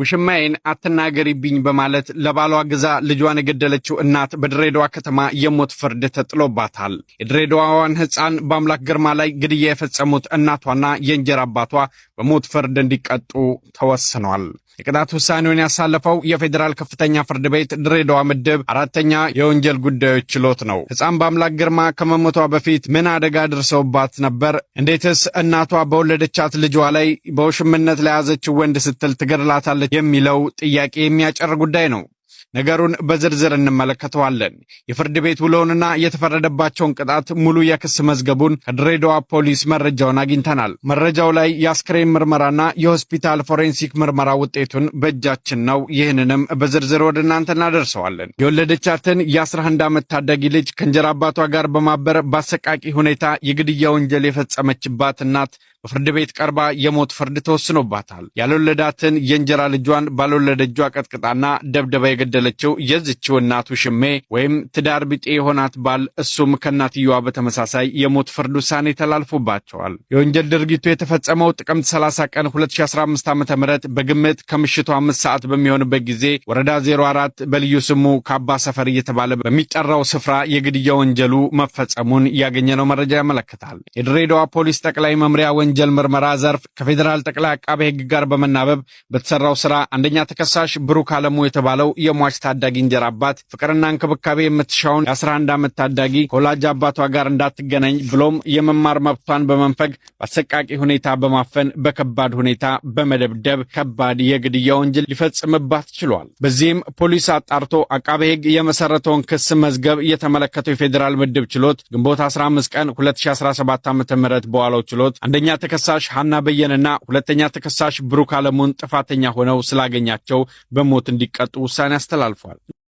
ውሽማዬን አትናገሪብኝ በማለት ለባሏ ግዛ ልጇን የገደለችው እናት በድሬዳዋ ከተማ የሞት ፍርድ ተጥሎባታል። የድሬዳዋዋን ሕፃን በአምላክ ግርማ ላይ ግድያ የፈጸሙት እናቷና የእንጀራ አባቷ በሞት ፍርድ እንዲቀጡ ተወስኗል። የቅጣት ውሳኔውን ያሳለፈው የፌዴራል ከፍተኛ ፍርድ ቤት ድሬዳዋ ምድብ አራተኛ የወንጀል ጉዳዮች ችሎት ነው። ሕፃን በአምላክ ግርማ ከመሞቷ በፊት ምን አደጋ ደርሰውባት ነበር? እንዴትስ እናቷ በወለደቻት ልጇ ላይ በውሽምነት ለያዘችው ወንድ ስትል ትገድላታለች? የሚለው ጥያቄ የሚያጨር ጉዳይ ነው። ነገሩን በዝርዝር እንመለከተዋለን። የፍርድ ቤት ውሎውንና የተፈረደባቸውን ቅጣት ሙሉ የክስ መዝገቡን ከድሬዳዋ ፖሊስ መረጃውን አግኝተናል። መረጃው ላይ የአስክሬን ምርመራና የሆስፒታል ፎሬንሲክ ምርመራ ውጤቱን በእጃችን ነው። ይህንንም በዝርዝር ወደ እናንተ እናደርሰዋለን። የወለደቻትን የ11 ዓመት ታዳጊ ልጅ ከእንጀራ አባቷ ጋር በማበር በአሰቃቂ ሁኔታ የግድያ ወንጀል የፈጸመችባት እናት በፍርድ ቤት ቀርባ የሞት ፍርድ ተወስኖባታል። ያልወለዳትን የእንጀራ ልጇን ባልወለደ እጇ ቀጥቅጣና ደብደባ የገደለችው የዝችው እናቱ ሽሜ ወይም ትዳር ቢጤ የሆናት ባል እሱም ከእናትየዋ በተመሳሳይ የሞት ፍርድ ውሳኔ ተላልፎባቸዋል። የወንጀል ድርጊቱ የተፈጸመው ጥቅምት 30 ቀን 2015 ዓ ም በግምት ከምሽቱ አምስት ሰዓት በሚሆንበት ጊዜ ወረዳ 04 በልዩ ስሙ ካባ ሰፈር እየተባለ በሚጠራው ስፍራ የግድያ ወንጀሉ መፈጸሙን ያገኘነው መረጃ ያመለክታል። የድሬዳዋ ፖሊስ ጠቅላይ መምሪያ የወንጀል ምርመራ ዘርፍ ከፌዴራል ጠቅላይ አቃቤ ሕግ ጋር በመናበብ በተሰራው ስራ አንደኛ ተከሳሽ ብሩክ አለሙ የተባለው የሟች ታዳጊ እንጀራ አባት ፍቅርና እንክብካቤ የምትሻውን የ11 ዓመት ታዳጊ ከወላጅ አባቷ ጋር እንዳትገናኝ ብሎም የመማር መብቷን በመንፈግ በአሰቃቂ ሁኔታ በማፈን በከባድ ሁኔታ በመደብደብ ከባድ የግድያ ወንጀል ሊፈጽምባት ችሏል። በዚህም ፖሊስ አጣርቶ አቃቤ ሕግ የመሰረተውን ክስ መዝገብ የተመለከተው የፌዴራል ምድብ ችሎት ግንቦት 15 ቀን 2017 ዓ ም በዋለው ችሎት አንደኛ ተከሳሽ ሀና በየነና ሁለተኛ ተከሳሽ ብሩክ አለሙን ጥፋተኛ ሆነው ስላገኛቸው በሞት እንዲቀጡ ውሳኔ አስተላልፏል።